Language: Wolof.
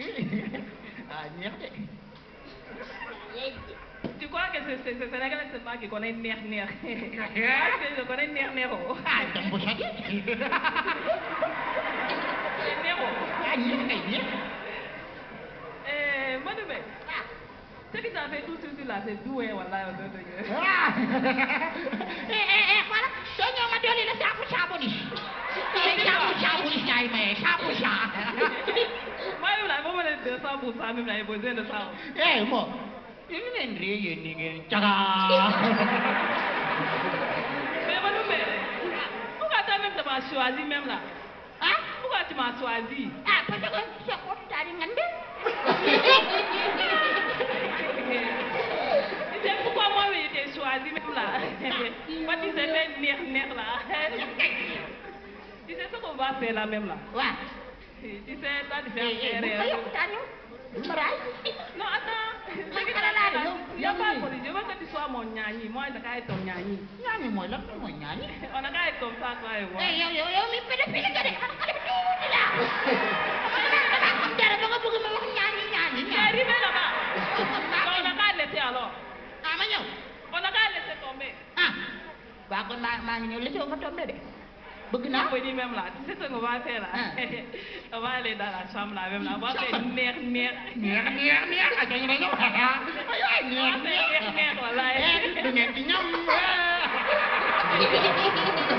ah neex de. tu crois que c'est c'est Sénégalais seulement qui connaît neex neex. je connais neex neexoo. ah dem ba chaque. neexoo. ah neex kay neex. Madou Mbaye. ce qui t'a fait tout de suite là c'est doué wala. ah. eh eh eh voilà soo ñëw ma dolli la cent pour amafutha ami mna ebozeni sawo yeyi eh, mo imine ndiyeyeni ke tyaka malume ungathi ami ndizabaswazi mem la ungathi maswazi C'est pourquoi moi j'ai choisi même là. Moi tu sais les nerfs, nerfs là. Tu sais ce qu'on va faire là même là. Ouais. Tu sais, t'as différentes erreurs. Maraay. non attends. léegi nag yow pas poli je veux que tu sois mon ñaañi moi dakaay toog ñaañi. ñaañi mooy lan lan mooy ñaañi. on dakaay toog saa saa yow. yow yow yow mi pédophile nga de xam xale bi tuuti la. dama xam dara ba nga bëgg ma wax ñaañi ñaañi. ñaañi mais là-bas. on dakaay laisser alors. ah ma ñëw. on dakaay laisser tomber. ah. waaw kon maa maa ngi ñëw laisser nga tomber de. bëgg naa petit même là tu sais ce qu'on va faire là ah. on va aller dans la chambre là même là on va faire neex neex neex neex neex ak ñu dañu ay neex neex neex wallaay du ngeen